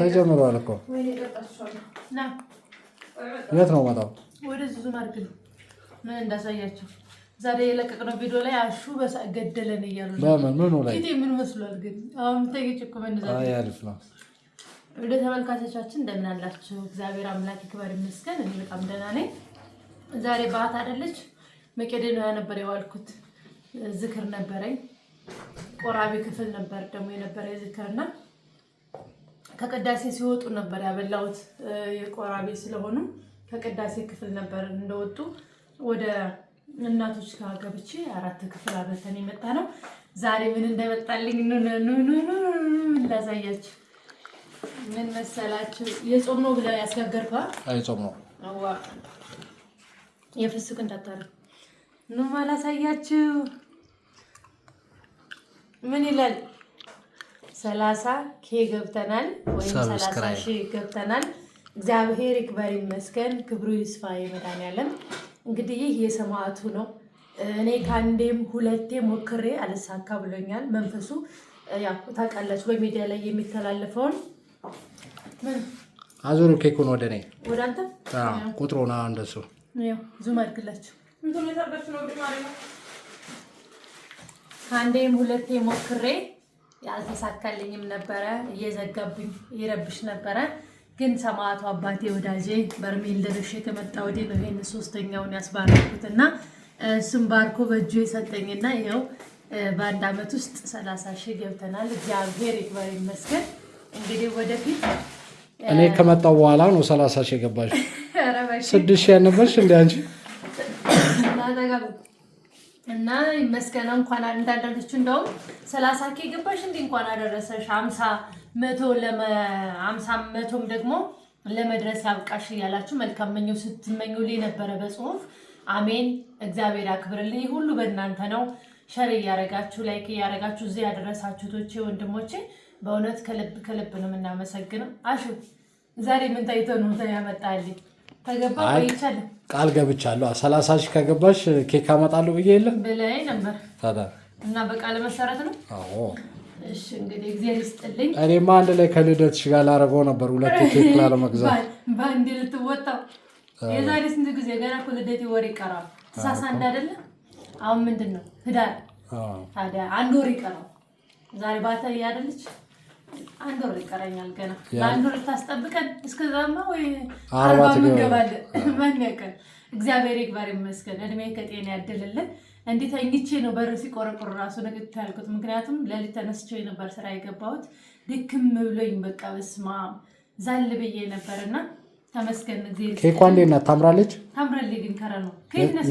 ተጀምሯል እኮ የት ነው መጣው? ወደዚህ ዙም አድርግ ነው ምን እንዳሳያቸው ዛሬ የለቀቅነው ቪዲዮ ላይ አሹ ገደለን እያሉ ምኑ ላይ ምን መስሏል? ግን አሁን ተጌጭ እኮ አሪፍ ነው። ወደ ተመልካቾቻችን እንደምን አላችሁ? እግዚአብሔር አምላክ ይክበር ይመስገን፣ እኔ በጣም ደህና ነኝ። ዛሬ በዓት አይደለች መቄዶንያ ነበር የዋልኩት፣ ዝክር ነበረኝ ቆራቢ ክፍል ነበር ደግሞ የነበረ የዝክርና ከቅዳሴ ሲወጡ ነበር ያበላሁት። የቆራቢ ስለሆኑ ከቅዳሴ ክፍል ነበር እንደወጡ ወደ እናቶች ጋር ገብቼ አራት ክፍል አበልተን የመጣ ነው። ዛሬ ምን እንደመጣልኝ ላሳያችሁ። ምን መሰላችሁ? የጾም ነው ብለህ ያስጋገርከዋል? አይ ነው። የፍስክ እንዳታረግ ኑ ማላሳያችሁ ምን ይላል? ሰላሳ ኬ ገብተናል ወይም ሰላሳ ሺህ ገብተናል። እግዚአብሔር ይክበር ይመስገን፣ ክብሩ ይስፋ የመድኃኒዓለም። እንግዲህ ይህ የሰማዕቱ ነው። እኔ ከአንዴም ሁለቴ ሞክሬ አልሳካ ብሎኛል። መንፈሱ ታውቃላችሁ፣ በሚዲያ ላይ የሚተላለፈውን አዞሩ ኬኩን ወደ እኔ ወደ አንተ ቁጥሩን እንደሱ ዙም አድርግላችሁ አንዴም ሁለቴ ሞክሬ ያልተሳካልኝም ነበረ። እየዘጋብኝ ይረብሽ ነበረ። ግን ሰማዕቱ አባቴ ወዳጄ በርሜል ደርሼ ከመጣ ወዲህ ነው ሶስተኛውን ያስባረኩት እና እሱም ባርኮ በእጁ የሰጠኝና ይኸው በአንድ አመት ውስጥ ሰላሳ ሺህ ገብተናል። እግዚአብሔር ይክበር ይመስገን። እንግዲህ ወደፊት እኔ ከመጣው በኋላ ነው ሰላሳ ሺህ የገባሽ። ስድስት ሺህ ያልነበርሽ አንቺ እና ይመስገን እንኳን እንዳደረገችው እንደውም ሰላሳ ኬ ገባሽ እንዲ እንኳን አደረሰሽ ሀምሳ መቶ ለአምሳ መቶም ደግሞ ለመድረስ ያብቃሽ እያላችሁ መልካም መኘው ስትመኙልኝ ነበረ በጽሁፍ አሜን። እግዚአብሔር አክብርልኝ። ሁሉ በእናንተ ነው። ሸር እያረጋችሁ ላይክ እያረጋችሁ እዚህ ያደረሳችሁ ቶቼ ወንድሞቼ በእውነት ከልብ ከልብ ነው የምናመሰግነው። አሹ ዛሬ ምን ታይቶ ነው ያመጣልኝ? ቃል ገብቻለሁ። ሰላሳ ሺህ ከገባሽ ኬክ አመጣለሁ ብዬ የለ ነበር እና በቃል መሰረት ነው። እኔማ አንድ ላይ ከልደትሽ ጋር ላደርገው ነበር ሁለት ኬክ ላለመግዛት በአንድ ልትወጣው። የዛሬ ስንት ጊዜ ገና እኮ ልደቴ ወር ይቀራል። ተሳሳ እንዳደለ አሁን ምንድን ነው ህዳር ታዲያ አንድ ወር ይቀራል። ዛሬ ባታ እያደለች አንድ ወር እግዚአብሔር ይግባር ይመስገን፣ እድሜ ከጤና እንዴት ነው በር ራሱ ያልኩት። ምክንያቱም ለሊት ተነስቼ ስራ የገባሁት ድክም ብሎኝ፣ በቃ በስማ ዛል ብዬ ነበርና ተመስገን። ኬኳ እንዴት ናት? ታምራለች። ታምራለች ግን ከረ ነው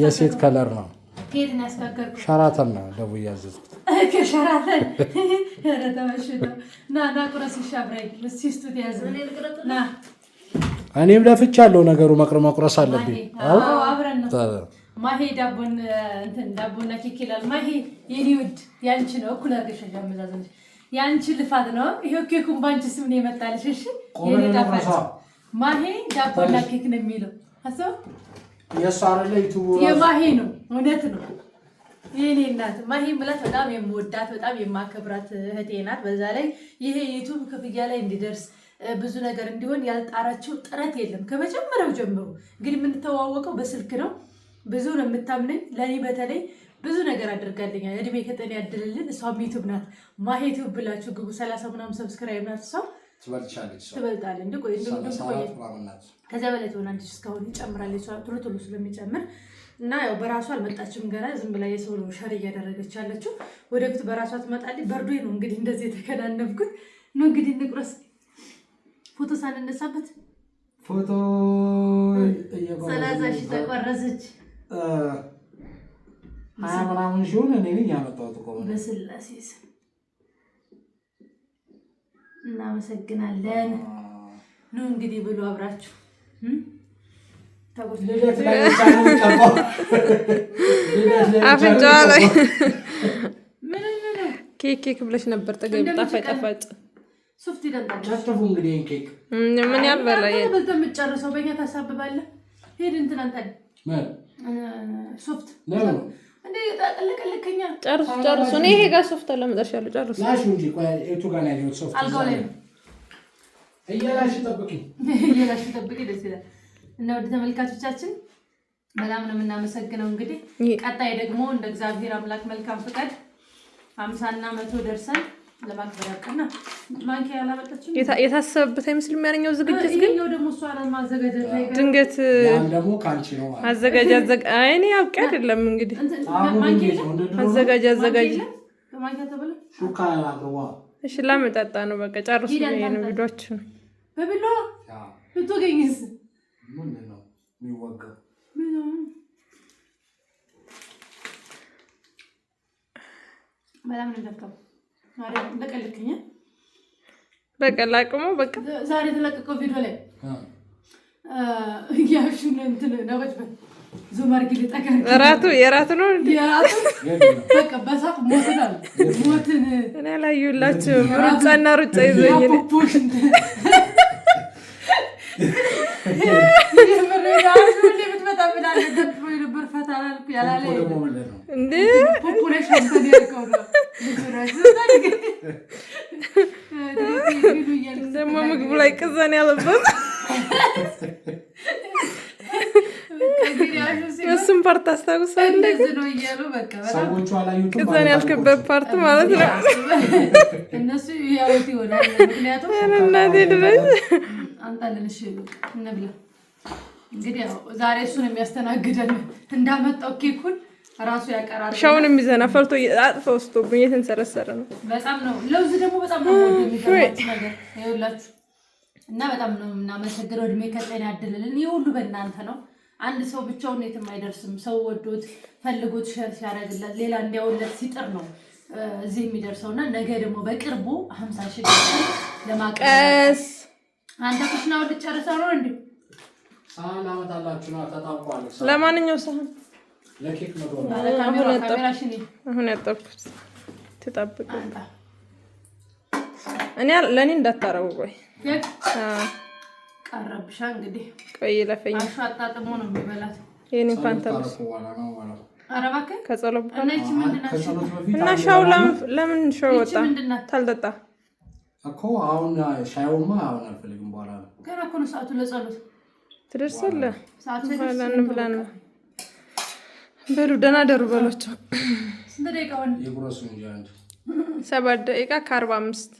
የሴት ከለር ነው ከየት ነው ሸራተን ነው ደቡ ያዘዝኩት። ከሸራተን እኔም ለፍቻ ነገሩ መቅረ መቁረስ አለብኝ። ማሄ ዳቦን እንትን ዳቦና ኬክ ይላል ማሄ የኔ ውድ ያንቺ ነው። እኩል አድርገሽ ያንቺ ልፋት ነው። ይሄው ኬኩን ስም ነው የመጣልሽ። እሺ ማሄ ዳቦና ኬክ ነው የሚለው የእሱ አይደለ ዩቱቡ የማሄ ነው። እውነት ነው። የኔ እናት ማሄ ብላት በጣም የምወዳት በጣም የማከብራት እህቴ ናት። በዛ ላይ ይሄ ዩቱብ ክፍያ ላይ እንዲደርስ ብዙ ነገር እንዲሆን ያልጣራችው ጥረት የለም። ከመጀመሪያው ጀምሮ እንግዲህ የምንተዋወቀው በስልክ ነው። ብዙ ነው የምታምነኝ። ለእኔ በተለይ ብዙ ነገር አድርጋለኛል። እድሜ ከጤና ያድልልን። እሷም ዩቱብ ናት። ማሄ ዩቱብ ብላችሁ ግቡ። ሰላሳ ምናምን ሰብስክራይብ ናት እሷ ትበልቻለች ትበልጣለች። ከዚያ በላይ ትሆናለች። እስካሁን ይጨምራለች ቶሎ ቶሎ ስለሚጨምር እና ያው በራሷ አልመጣችም ገና ዝም ብላ የሰው ነው ሸር እያደረገች ያለችው። ወደፊት በራሷ ትመጣለች። በርዶ ነው እንግዲህ እንደዚህ የተከናነብኩት ነው። እንግዲህ ንቁረስ ፎቶ ሳንነሳበት ፎቶ ሰላሳ ተቆረሰች። ሀያ ምናምን ሺውን እኔ ያመጣሁት በስላሴ ስም እናመሰግናለን። ኑ እንግዲህ ብሎ አብራችሁ አፍንጫዋ ላይ ኬክ ኬክ ብለሽ ነበር። ጠገብ ጣፋጭ ጣፋጭ ምን ያበላ የምጨርሰው በኛ ታሳብባለ። ሄድ እንትን አንተ ሶፍት ጨርሱ ጨርሱ። እኔ ይሄ ጋር ሶፍት አለ ጨርሱ። ላሽ እንጂ ጋር ላይ ነው ሶፍት ጠብቂ፣ ጠብቂ። ደስ ይላል። እና ወደ ተመልካቾቻችን በጣም ነው የምናመሰግነው። እንግዲህ ቀጣይ ደግሞ እንደ እግዚአብሔር አምላክ መልካም ፍቃድ ሀምሳና መቶ ደርሰን የታሰበበት አይመስል ያለኛው ዝግጅት ግን ድንገት አዘጋጅ አይኔ አውቄ አይደለም እንግዲህ አዘጋጅ አዘጋጅ እሺ ላመጣጣ ነው በቃ ጨርሱ ነው ቪዲዮችን በጣም ነው በቀል አቅሙ በቃ ዛሬ የተለቀቀው ቪዲዮ ላይ ያሹን እንትን ለበጭበት ዙም አድርጊ ልጠጋ የራቱ ነው በቃ በሳቅ ሞትን አለ ሞትን እኔ አላየሁላችሁም። ሩጫና ሩጫ ይዞኝ ነው ತರಲು ಪ್ಯಾಲೇ ಪುಪ್ಪುರ Da mama que bulay kazan alıp. እሱም ፓርት አስታውሳ ሰዎቹ አላዩትም። ከዛን ያልክበት ፓርት ማለት ነው። እነሱ ያዩት ይሆናል። ምክንያቱም እናቴ ድረስ አንጣልንሽ ነብላ እንግዲህ ዛሬ እሱን የሚያስተናግደን እንዳመጣው ኬኩን ራሱ ያቀራል። አጥፎ ወስዶብኝ የተንሰረሰረ ነው። በጣም ነው ለውዝ ደግሞ በጣም ነው ነገር ይኸውላችሁ። እና በጣም ነው የምናመሰግነው። እድሜ ከጤና ያድልልን። ይህ ሁሉ በእናንተ ነው። አንድ ሰው ብቻውን የትም አይደርስም። ሰው ወዶት ፈልጎት ሸር ሲያደርግለት ሌላ እንዲያውለት ሲጥር ነው እዚህ የሚደርሰው እና ነገ ደግሞ በቅርቡ ሀምሳ ሺህ ለማቀስ አንተ ኩሽና ወድ ነው እንዲሁ ሳህን ለማንኛው ሳህን ለኬክ ነው አሁን ያጠብኩት ትጠብቅ። እኔ ለእኔ እንዳታረቡ ቆይ ቀረብሻ እንግዲህ ቆይ ለፈኝ አጣጥሞ ነው የሚበላት። ይህን እንኳን ተብስ ከጸሎት እና ሻው ለምን ሻው ወጣ ታልጠጣ እኮ አሁን ሻዩማ አሁን አልፈልግም በኋላ ነው ገና እኮ ነው ሰዓቱ ለጸሎት ትደርሳለህ። በኋላ ብለን ነው። በሉ ደህና ደሩ በሏቸው። ሰባት ደቂቃ ከአርባ አምስት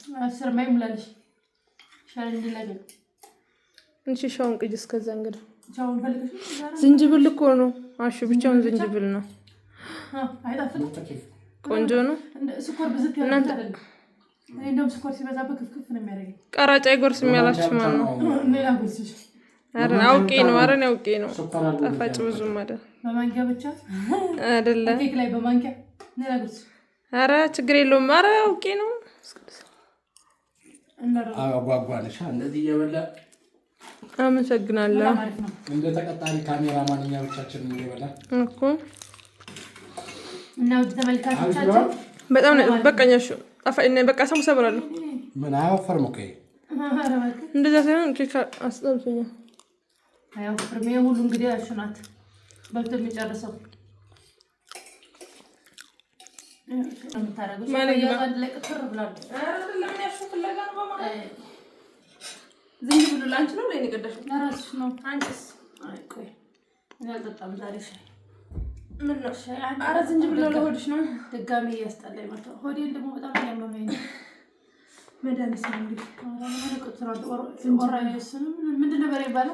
እንሺ ሻውን ቅጅ እስከዛ እንግዲህ ዝንጅብል እኮ ነው። አሹ ብቻውን ዝንጅብል ነው። ቆንጆ ነው። ቀራጫ ይጎርስ የሚያላችሁ ማን ነው? አውቄ ነው። ኧረ አውቄ ነው። ጣፋጭ ብዙም በማንኪያ ብቻ አይደለም። ኧረ ችግር የለውም። ኧረ አውቄ ነው። ጓጓልሻ እንደዚህ እየበላ አመሰግናለሁ። እንደ ተቀጣሪ ካሜራ ማንኛ ብቻችን እየበላ እኮ እና ውድ ተመልካቾቻችን በጣም በቃኛ። እሺ ጣፋጭ በቃ ሰው ሰብራለሁ። ምን አያወፈርም እኮ እንደዛ ሳይሆን ኬክ አስጠብቶኛል። ያው ፍርሜ ሁሉ እንግዲህ እሱ ናት በልቶ የሚጨርሰው የምታደርገው ቅትር ብላለች። ዝም ብሎ ላንቺ ነው ወይ የቀዳሽው? ለራስሽ ነው። አንቺስ? አይ ቆይ እኔ አልጠጣም ዛሬ ሻይ። ምን ነው ሻይ? ኧረ ዝም ብሎ ለሆድሽ ነው። ድጋሜ እያስጠላኝ መጣ። ሆዴን ደግሞ በጣም እያመመኝ ነው። መድኃኒት ነው እንግዲህ ምንድን ነበር ይባላል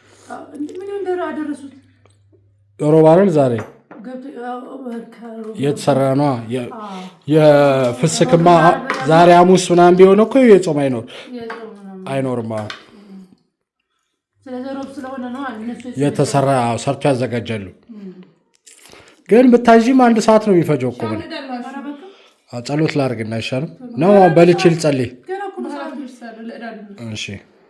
ሮባረል ዛሬ የተሰራ ነ የፍስክማ ዛሬ ሐሙስ ምናምን ቢሆን እኮ የጾም አይኖር አይኖርም። የተሰራ ሰርቶ ያዘጋጃሉ። ግን ብታዥም አንድ ሰዓት ነው የሚፈጀው እኮ ምን ጸሎት ላድርግና አይሻልም ነው? በልቼ ልጸልይ። እሺ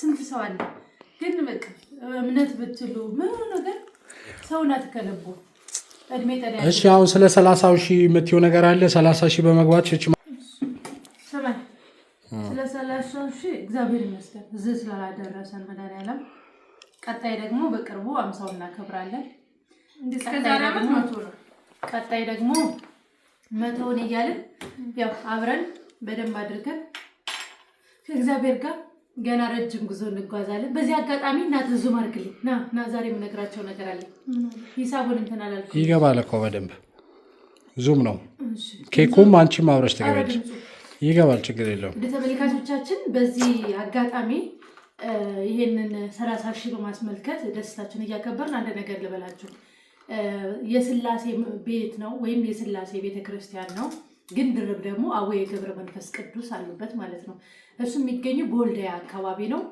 ስንት ሰው አለ። ግን በቃ እምነት ብትሉ ምኑ ነገር ሰውን አትከለቡ። እሺ አሁን ስለ ሰላሳው ሺህ የምትይው ነገር አለ። ሰላሳ ሺህ በመግባት ሽች ስለ ሰላሳ ሺህ እግዚአብሔር ይመስገን እዚህ ስላላደረሰን መድኃኒዓለም። ቀጣይ ደግሞ በቅርቡ አምሳው እናከብራለን። ቀጣይ ደግሞ መቶውን እያልን ያው አብረን በደንብ አድርገን ከእግዚአብሔር ጋር ገና ረጅም ጉዞ እንጓዛለን። በዚህ አጋጣሚ እናት ዙም አድርግልኝ ና ና፣ ዛሬ የምነግራቸው ነገር አለ። ሂሳቡን እንትን አላልኩም። ይገባል እኮ በደንብ ዙም ነው። ኬኩም አንቺ ማብረሽ ትገበል ይገባል፣ ችግር የለውም። ተመልካቾቻችን፣ በዚህ አጋጣሚ ይሄንን ሰላሳ ሺህ በማስመልከት ደስታችን እያከበርን አንድ ነገር ልበላችሁ። የስላሴ ቤት ነው ወይም የስላሴ ቤተክርስቲያን ነው ግን ድርብ ደግሞ አቡነ ገብረ መንፈስ ቅዱስ አሉበት ማለት ነው። እሱ የሚገኘው በወልዳያ አካባቢ ነው።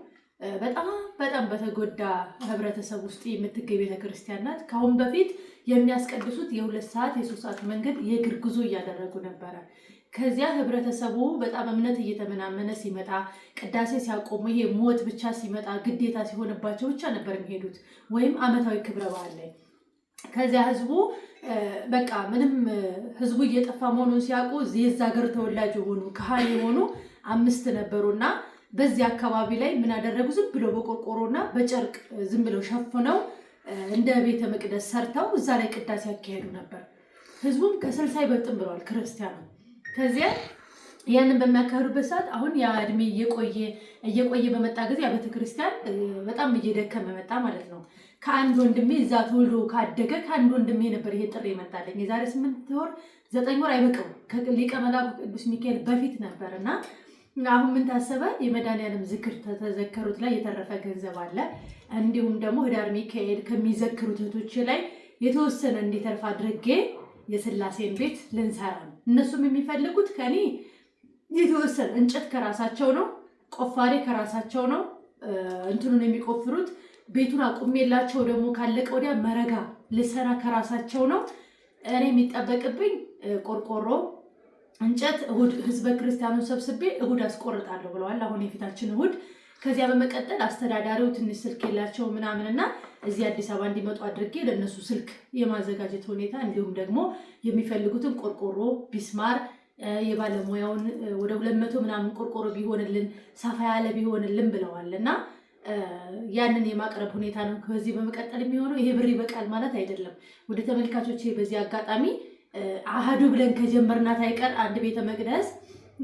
በጣም በጣም በተጎዳ ህብረተሰብ ውስጥ የምትገኝ ቤተክርስቲያን ናት። ከአሁን በፊት የሚያስቀድሱት የሁለት ሰዓት የሶስት ሰዓት መንገድ የእግር ጉዞ እያደረጉ ነበረ። ከዚያ ህብረተሰቡ በጣም እምነት እየተመናመነ ሲመጣ ቅዳሴ ሲያቆሙ ይሄ ሞት ብቻ ሲመጣ ግዴታ ሲሆንባቸው ብቻ ነበር የሚሄዱት፣ ወይም አመታዊ ክብረ በዓል ላይ ከዚያ ህዝቡ በቃ ምንም ህዝቡ እየጠፋ መሆኑን ሲያውቁ የዛ ሀገር ተወላጅ የሆኑ ካህን የሆኑ አምስት ነበሩና በዚህ አካባቢ ላይ ምን አደረጉ? ዝም ብለው በቆርቆሮና በጨርቅ ዝም ብለው ሸፍነው እንደ ቤተ መቅደስ ሰርተው እዛ ላይ ቅዳሴ ያካሄዱ ነበር። ህዝቡም ከስልሳ አይበልጥም ብለዋል ክርስቲያኑ ከዚያ ያንን በሚያካሂዱበት ሰዓት አሁን ያ እድሜ እየቆየ እየቆየ በመጣ ጊዜ ቤተ በጣም እየደከመ መጣ ማለት ነው። ከአንድ ወንድሜ እዛ ተወልዶ ካደገ ከአንድ ወንድሜ ነበር ይሄ ጥሪ መጣለኝ። የዛሬ ስምንት ወር ዘጠኝ ወር አይበቅም ከሊቀ መላኩ ቅዱስ ሚካኤል በፊት ነበር እና አሁን ምን ታሰበ? የመድኃኒዓለም ዝክር ተዘከሩት ላይ የተረፈ ገንዘብ አለ። እንዲሁም ደግሞ ህዳር ሚካኤል ከሚዘክሩት እህቶች ላይ የተወሰነ እንዲተርፍ አድርጌ የስላሴን ቤት ልንሰራ ነው። እነሱም የሚፈልጉት ከኔ የተወሰነ እንጨት ከራሳቸው ነው፣ ቆፋሪ ከራሳቸው ነው እንትኑን የሚቆፍሩት። ቤቱን አቁሜላቸው ደግሞ ካለቀ ወዲያ መረጋ ልሰራ ከራሳቸው ነው። እኔ የሚጠበቅብኝ ቆርቆሮ፣ እንጨት እሁድ ህዝበ ክርስቲያኑን ሰብስቤ እሁድ አስቆርጣለሁ ብለዋል። አሁን የፊታችን እሁድ ከዚያ በመቀጠል አስተዳዳሪው ትንሽ ስልክ የላቸው ምናምንና እዚህ አዲስ አበባ እንዲመጡ አድርጌ ለእነሱ ስልክ የማዘጋጀት ሁኔታ እንዲሁም ደግሞ የሚፈልጉትን ቆርቆሮ፣ ቢስማር የባለሙያውን ወደ ሁለት መቶ ምናምን ቆርቆሮ ቢሆንልን ሰፋ ያለ ቢሆንልን ብለዋል እና ያንን የማቅረብ ሁኔታ ነው ከዚህ በመቀጠል የሚሆነው። ይሄ ብር ይበቃል ማለት አይደለም። ወደ ተመልካቾች በዚህ አጋጣሚ አህዱ ብለን ከጀመርናት አይቀር አንድ ቤተ መቅደስ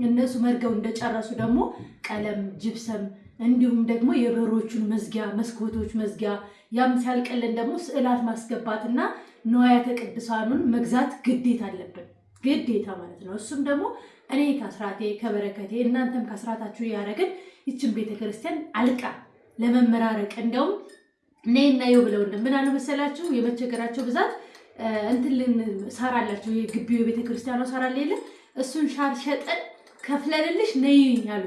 እነሱ መርገው እንደጨረሱ ደግሞ ቀለም፣ ጅብሰም እንዲሁም ደግሞ የበሮቹን መዝጊያ መስኮቶች መዝጊያ ያም ሲያልቅልን ደግሞ ስዕላት ማስገባትና ንዋያተ ቅድሳኑን መግዛት ግዴታ አለብን። ግዴታ ማለት ነው። እሱም ደግሞ እኔ ከስራቴ ከበረከቴ እናንተም ከስራታችሁ ያደረግን ይችን ቤተክርስቲያን አልቃ ለመመራረቅ እንደውም እኔ እናየው ብለውን ምን አሉ መሰላችሁ የመቸገራቸው ብዛት እንትልን ሳራላችሁ የግቢው የቤተክርስቲያኗ ሳራ ሌለ እሱን ሻር ሸጠን ከፍለንልሽ ነይ ያሉ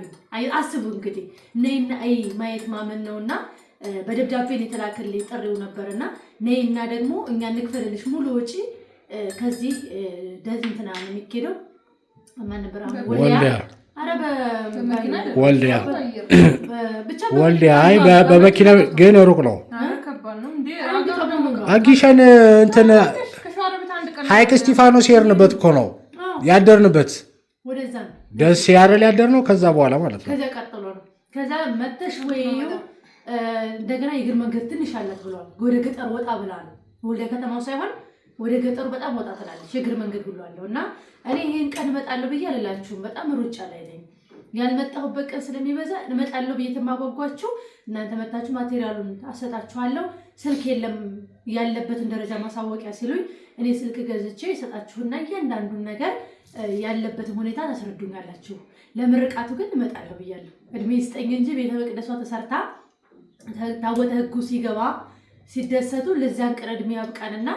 አስቡ እንግዲህ ነይና አይ ማየት ማመን ነውና በደብዳቤን የተላከልኝ ጥሪው ነበርና ነይና ደግሞ እኛ እንክፈልልሽ ሙሉ ወጪ ከዚህ ደዝ እንትና ነው የሚኬደው ወልዲያ አይ በመኪና ግን ሩቅ ነው። አጊሸን እንትን ሀይቅ እስጢፋኖስ የሄድንበት እኮ ነው ያደርንበት። ደስ ያደል ያደር ነው። ከዛ በኋላ ማለት ነው። ከዛ መተሽ ወይ እንደገና የእግር መንገድ ትንሽ አላት ብለዋል። ወደ ገጠር ወጣ ብላ ነው ወልዲያ ከተማው ሳይሆን ወደ ገጠሩ በጣም ወጣ ትላለች። የእግር መንገድ ሁሉ አለው እና እኔ ይህን ቀን እመጣለሁ ብዬ አልላችሁም። በጣም ሩጫ ላይ ነኝ። ያልመጣሁበት ቀን ስለሚበዛ እመጣለሁ ብዬ ተማጓጓችሁ እናንተ መታችሁ ማቴሪያሉን አሰጣችኋለሁ። ስልክ የለም ያለበትን ደረጃ ማሳወቂያ ሲሉኝ እኔ ስልክ ገዝቼ ይሰጣችሁና እያንዳንዱን ነገር ያለበትን ሁኔታ ታስረዱኛላችሁ። ለምርቃቱ ግን እመጣለሁ ብያለሁ። እድሜ ይስጠኝ እንጂ ቤተ መቅደሷ ተሰርታ ታወጠ ህጉ ሲገባ ሲደሰቱ ለዚያን ቀን እድሜ ያብቃንና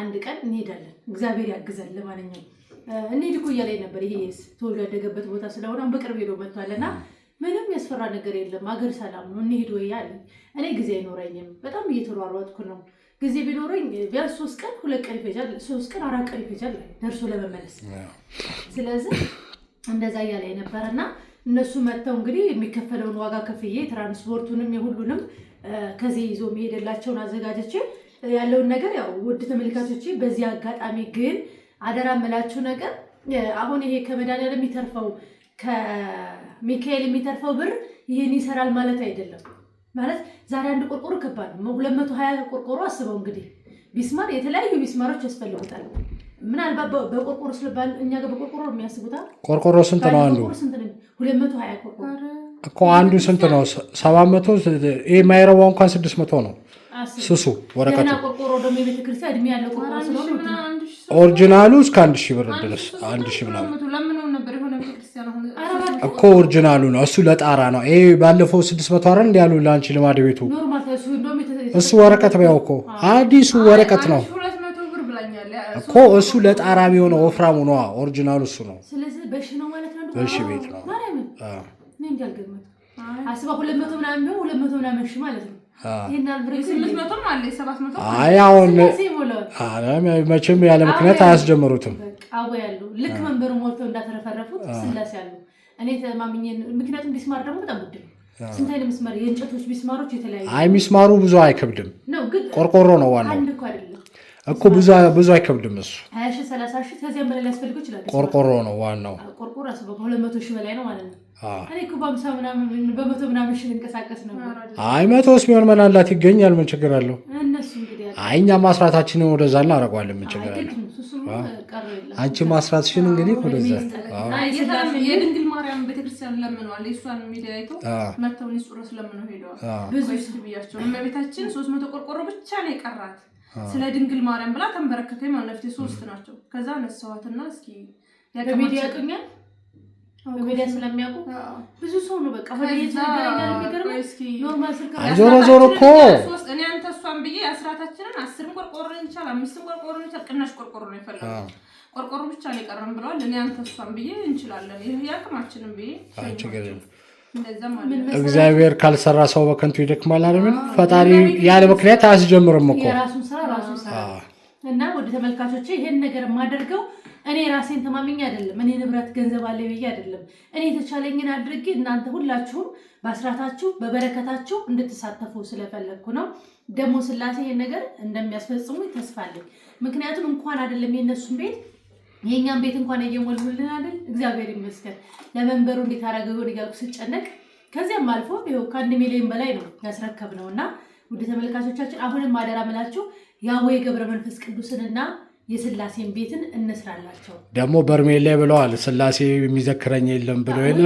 አንድ ቀን እንሄዳለን። እግዚአብሔር ያግዘን። ለማንኛውም እንሂድ እኮ እያለኝ ነበር። ይሄ ተወልዶ ያደገበት ቦታ ስለሆነ በቅርብ ሄዶ ና ምንም ያስፈራ ነገር የለም። አገር ሰላም ነው። እንሄድ ወይ አለ። እኔ ጊዜ አይኖረኝም። በጣም እየተሯሯጥኩ ነው። ጊዜ ቢኖረኝ ቢያንስ ሶስት ቀን ሁለት ቀን ይፈጃል፣ ሶስት ቀን አራት ቀን ይፈጃል ደርሶ ለመመለስ። ስለዚህ እንደዛ እያለ ነበረና እነሱ መጥተው እንግዲህ የሚከፈለውን ዋጋ ከፍዬ ትራንስፖርቱንም የሁሉንም ከዚህ ይዞ መሄደላቸውን አዘጋጀቼ ያለውን ነገር ያው ውድ ተመልካቾች፣ በዚህ አጋጣሚ ግን አደራ የምላችሁ ነገር አሁን ይሄ ከመድኃኒዓለም የሚተርፈው ከሚካኤል የሚተርፈው ብር ይህን ይሰራል ማለት አይደለም። ማለት ዛሬ አንድ ቆርቆሮ ከባድ ነው። ሁለት መቶ ሀያ ቆርቆሮ አስበው እንግዲህ ቢስማር፣ የተለያዩ ቢስማሮች ያስፈልጉታል። ምናልባት በቆርቆሮ ስለባል እኛ ጋር በቆርቆሮ የሚያስቡታ ቆርቆሮ ስንት ነው? አንዱ ሁለት መቶ ሀያ ቆርቆሮ እኮ አንዱ ስንት ነው? ሰባት መቶ ይህ ማይረባው እንኳን ስድስት መቶ ነው። ስሱ ወረቀቱ ኦሪጂናሉ እስከ አንድ ሺህ ብር ድረስ አንድ ሺህ ምናምን እኮ ኦሪጂናሉ ነው። እሱ ለጣራ ነው። ይሄ ባለፈው ስድስት መቶ አረ እንዲ ያሉ ለአንቺ ልማድ ቤቱ እሱ ወረቀት ያው እኮ አዲሱ ወረቀት ነው እኮ እሱ ለጣራ የሚሆነው ወፍራሙ ነዋ። ኦሪጂናሉ እሱ ነው። በሺ ቤት ነው። መቼም ያለ ምክንያት አያስጀምሩትም። ያሉ ልክ መንበሩ ሞልተው እንዳተረፈረፉት ስላሴ ያሉ እኔ ተማምኜ ምክንያቱም ቢስማር ደግሞ በጣም ውድ ነው። ስንት አይነት ምስማር የእንጨቶች ሚስማሮች የተለያዩ አይ ሚስማሩ ብዙ አይከብድም። ቆርቆሮ ነው ዋናው። እኮ ብዙ ብዙ አይከብድም። እሱ ቆርቆሮ ነው ዋናው። ቆርቆሮ ከሁለት መቶ ሺህ በላይ ነው ማለት ነው። አይ ሚሆን መላላት ይገኛል። ምን ችግር አለው? አይ እኛ ማስራታችንን ወደዛ እናደርገዋለን። ምን ችግር አለ? አንቺ ማስራትሽን እንግዲህ ወደዛ የድንግል ማርያም ቤተክርስቲያን ለምነዋል። የእሷን ሚዲያ አይተው መተውን ሄደዋል። ብዙ ስ ብያቸው እመቤታችን ሶስት መቶ ቆርቆሮ ብቻ ነው የቀራት ስለ ድንግል ማርያም ብላ ተንበረከከኝ ማለት ነፍቴ ሶስት ናቸው። ከዛ ነሳዋትና እስኪ በሚዲያ ያውቁኛል በሚዲያ ስለሚያውቁ ብዙ ሰው ነው በቃ ዞሮ ዞሮ እኮ እኔ አንተ እሷን ብዬ አስራታችንን አስርም ቆርቆሮ ይቻል አምስትም ቆርቆሮ ይቻል ቅናሽ ቆርቆሮ ነው የፈለጉት ቆርቆሮ ብቻ ነው የቀረን ብለዋል። እኔ አንተ እሷን ብዬ እንችላለን ይህ ያቅማችንም ብዬ እግዚአብሔር ካልሰራ ሰው በከንቱ ይደክማል አለምን ፈጣሪ ያለ ምክንያት አያስጀምርም እኮ የራሱን ስራ ራሱ ሰራ። እና ወደ ተመልካቾች ይሄን ነገር የማደርገው እኔ ራሴን ተማምኜ አይደለም። እኔ ንብረት ገንዘብ አለ ብዬ አይደለም። እኔ የተቻለኝን አድርጌ እናንተ ሁላችሁም በአስራታችሁ በበረከታችሁ እንድትሳተፉ ስለፈለግኩ ነው። ደግሞ ስላሴ ይሄን ነገር እንደሚያስፈጽሙ ተስፋለኝ። ምክንያቱም እንኳን አይደለም የእነሱን ቤት የእኛም ቤት እንኳን እየሞልሁልን አይደል? እግዚአብሔር ይመስገን። ለመንበሩ እንዴት አረገ ይሆን እያልኩ ስጨነቅ ከዚያም አልፎ ይኸው ከአንድ ሚሊዮን በላይ ነው ያስረከብ ነው እና ውድ ተመልካቾቻችን አሁንም አደራ ምላችሁ የአቦ የገብረ መንፈስ ቅዱስንና የስላሴን ቤትን እንስራላቸው። ደግሞ በርሜል ላይ ብለዋል፣ ስላሴ የሚዘክረኝ የለም ብለው የለ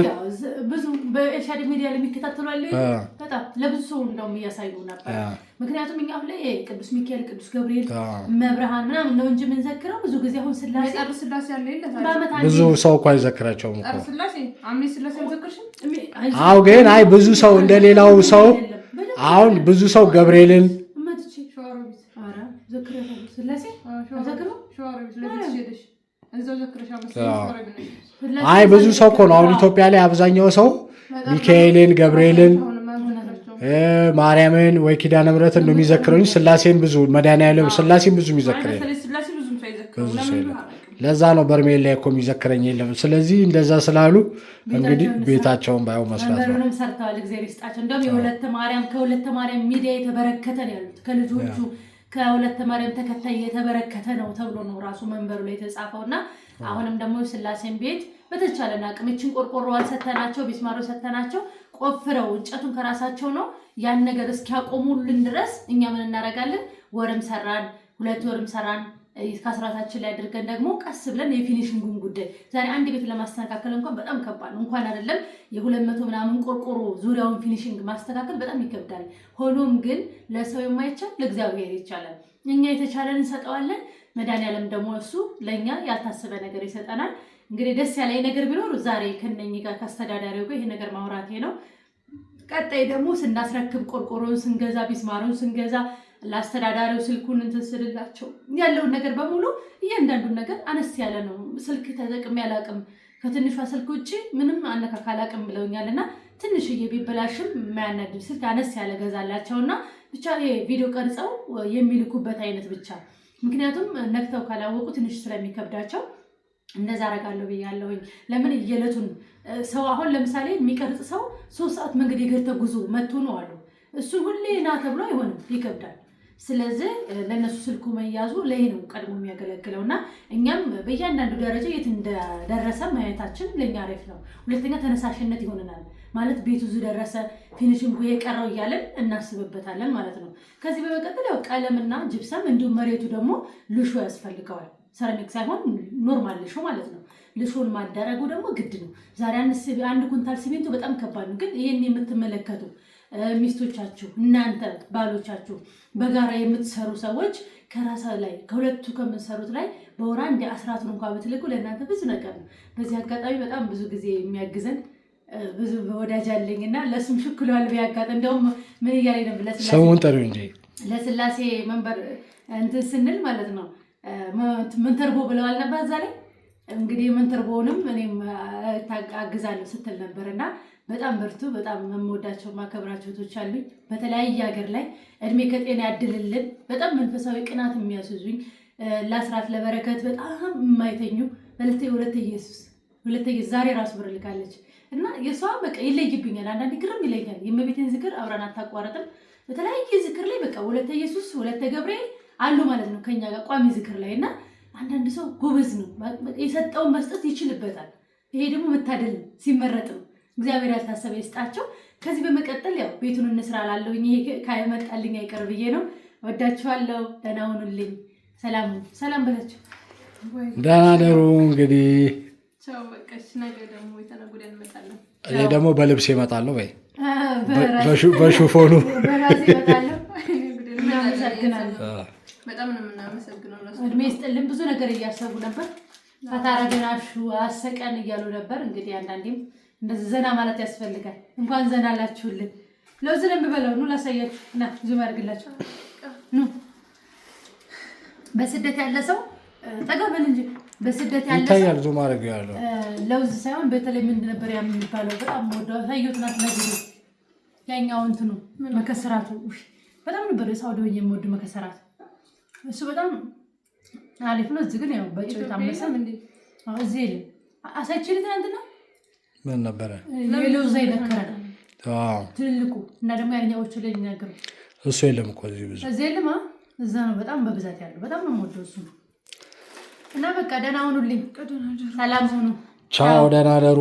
በኤልሻዳይ ሚዲያ ለሚከታተሉ አለ በጣም ለብዙ ሰው እንደውም እያሳዩ ነበር። ምክንያቱም እኛ አሁን ላይ ቅዱስ ሚካኤል፣ ቅዱስ ገብርኤል፣ መብርሃን ምናምን ነው እንጂ የምንዘክረው ብዙ ጊዜ አሁን ስላሴ ስላሴ ብዙ ሰው እኳ ይዘክራቸው አዎ። ግን አይ ብዙ ሰው እንደ ሌላው ሰው አሁን ብዙ ሰው ገብርኤልን አይ ብዙ ሰው እኮ ነው አሁን ኢትዮጵያ ላይ አብዛኛው ሰው ሚካኤልን፣ ገብርኤልን፣ ማርያምን ወይ ኪዳነ ምሕረትን ነው የሚዘክረኝ። ስላሴን ብዙ መድኃኒዓለም ስላሴን ብዙ የሚዘክረኝ ለዛ ነው በርሜል ላይ እኮ የሚዘክረኝ የለም። ስለዚህ እንደዛ ስላሉ እንግዲህ ቤታቸውን ባየው መስራት ነው። ሰርተዋል፣ እግዚአብሔር ይስጣቸው። እንደውም ማርያም ከሁለተ ማርያም ሚዲያ የተበረከተ ነው ያሉት ከልጆቹ ከሁለተ ማርያም ተከታይ የተበረከተ ነው ተብሎ ነው ራሱ መንበሩ ላይ የተጻፈው እና አሁንም ደግሞ ስላሴን ቤት በተቻለን አቅም ይችን ሰተናቸው ቢስማሮ ሰተናቸው ቆፍረው እንጨቱን ከራሳቸው ነው ያን ነገር እስኪያቆሙልን ድረስ እኛ ምን እናደርጋለን? ወርም ሰራን፣ ሁለት ወርም ሰራን ከስራታችን ላይ አድርገን ደግሞ ቀስ ብለን የፊኒሽንጉን ጉዳይ ዛሬ አንድ ቤት ለማስተካከል እንኳን በጣም ከባድ እንኳን አይደለም የሁለት መቶ ምናምን ቆርቆሮ ዙሪያውን ፊኒሽንግ ማስተካከል በጣም ይከብዳል። ሆኖም ግን ለሰው የማይቻል ለእግዚአብሔር ይቻላል። እኛ የተቻለን እንሰጠዋለን። መድኃኒዓለም ደግሞ እሱ ለእኛ ያልታሰበ ነገር ይሰጠናል። እንግዲህ ደስ ያለ ነገር ቢኖር ዛሬ ከነኚህ ጋር ከአስተዳዳሪው ጋር ይሄ ነገር ማውራቴ ነው። ቀጣይ ደግሞ ስናስረክብ ቆርቆሮን ስንገዛ፣ ቢስማሩን ስንገዛ ለአስተዳዳሪው ስልኩን እንትስልላቸው ያለውን ነገር በሙሉ እያንዳንዱን ነገር አነስ ያለ ነው። ስልክ ተጠቅሜ አላቅም ከትንሿ ስልክ ውጭ ምንም አነካካ አላቅም ብለውኛል። እና ትንሽዬ ቢበላሽም የማያናድድ ስልክ አነስ ያለ ገዛላቸውና ብቻ ቪዲዮ ቀርጸው የሚልኩበት አይነት ብቻ ምክንያቱም ነክተው ካላወቁ ትንሽ ስለሚከብዳቸው እንደዛ አረጋለሁ ብያለሁኝ። ለምን እየለቱን ሰው አሁን ለምሳሌ የሚቀርጽ ሰው ሶስት ሰዓት መንገድ የእግር ተጉዞ መጥቶ ነው አሉ። እሱ ሁሌ ና ተብሎ አይሆንም፣ ይከብዳል። ስለዚህ ለእነሱ ስልኩ መያዙ ለይ ነው ቀድሞ የሚያገለግለው እና እኛም በእያንዳንዱ ደረጃ የት እንደደረሰ ማየታችን ለእኛ አሪፍ ነው። ሁለተኛ ተነሳሽነት ይሆነናል። ማለት ቤቱ ደረሰ ፊኒሽንጉ የቀረው እያለን እናስብበታለን ማለት ነው። ከዚህ በመቀጠል ያው ቀለምና ጅብሰም እንዲሁም መሬቱ ደግሞ ልሾ ያስፈልገዋል። ሰረሚክ ሳይሆን ኖርማል ልሾ ማለት ነው። ልሾን ማደረጉ ደግሞ ግድ ነው። ዛሬ አንድ ኩንታል ሲሚንቶ በጣም ከባድ ነው። ግን ይህን የምትመለከቱ ሚስቶቻችሁ፣ እናንተ ባሎቻችሁ፣ በጋራ የምትሰሩ ሰዎች ከራሰ ላይ ከሁለቱ ከምትሰሩት ላይ በወራ እንደ አስራቱን እንኳ ብትልቁ ለእናንተ ብዙ ነገር ነው። በዚህ አጋጣሚ በጣም ብዙ ጊዜ የሚያግዘን ብዙ ወዳጅ አለኝ እና ለሱም ሽክሏል ቢያጋጥ እንደውም ምን እያለ ነው ሰውን ጠሩ እንጂ ለስላሴ መንበር እንትን ስንል ማለት ነው ምንተርቦ ብለዋል ነበር። እዛ ላይ እንግዲህ ምንተርቦውንም እኔም አግዛለሁ ስትል ነበር እና በጣም በርቱ። በጣም የምወዳቸው ማከብራቸው እህቶች አሉኝ በተለያየ ሀገር ላይ እድሜ ከጤና ያድልልን። በጣም መንፈሳዊ ቅናት የሚያስዙኝ ለአስራት ለበረከት በጣም የማይተኙ ሁለተ ኢየሱስ ሁለተ ዛሬ ራሱ ብር ልካለች እና የሰዋ በቃ ይለይብኛል። አንዳንድ ግርም ይለኛል። የእመቤቴን ዝክር አብረን አታቋረጥም። በተለያየ ዝክር ላይ በቃ ሁለተ ኢየሱስ፣ ሁለተ ገብርኤል አሉ ማለት ነው ከኛ ጋር ቋሚ ዝክር ላይ እና አንዳንድ ሰው ጎበዝ ነው፣ የሰጠውን መስጠት ይችልበታል። ይሄ ደግሞ መታደል ሲመረጥ እግዚአብሔር ያልታሰበ ይስጣቸው። ከዚህ በመቀጠል ያው ቤቱን እንስራ ላለው ይሄ ከመጣልኝ አይቀር ብዬ ነው። ወዳችኋለሁ። ደህና ሁኑልኝ። ሰላም ሰላም በላችሁ። ደህና ደሩ እንግዲህ እኔ ደግሞ በልብስ ይመጣለሁ ወይ በሹፎኑ በጣም ነው የምናመሰግነው። እድሜ ይስጥልን። ብዙ ነገር እያሰቡ ነበር። ፈታረገናሹ አሰቀን እያሉ ነበር። እንግዲህ አንዳንዴም እንደዚህ ዘና ማለት ያስፈልጋል። እንኳን ዘና አላችሁልን። ለውዝ ደንብ በለው ኑ ላሳያችሁ። ና ዙም አድርግላችሁ ኑ። በስደት ያለ ሰው ጠጋ በል እንጂ በስደት ያለ ይታያል። ዙም አድርገው ያለው ለውዝ ሳይሆን በተለይ ምንድን ነበር ያ የሚባለው በጣም ወደ ታዩት ናት ነገር ያኛው እንትኑ መከሰራቱ በጣም ነበር የሳውዲ ወኝ የምወድ መከሰራት እሱ በጣም አሪፍ ነው። እዚህ ግን ያው በጭው ታመሰም እንዴ አሁን እዚህ ይል አሳችል ትናንትና ምን ነበረ የለውዝ ይነከራል። ትልልቁ እና ደግሞ ያኛዎቹ ላይ ይናገሩ እሱ የለም እኮ እዚህ ብዙ እዚህ የለም። እዛ ነው በጣም በብዛት ያለው። በጣም ነው የምወደው እሱ ነው እና በቃ ደህና ሁኑልኝ። ሰላም ሁኑ። ቻው፣ ደህና ደሩ።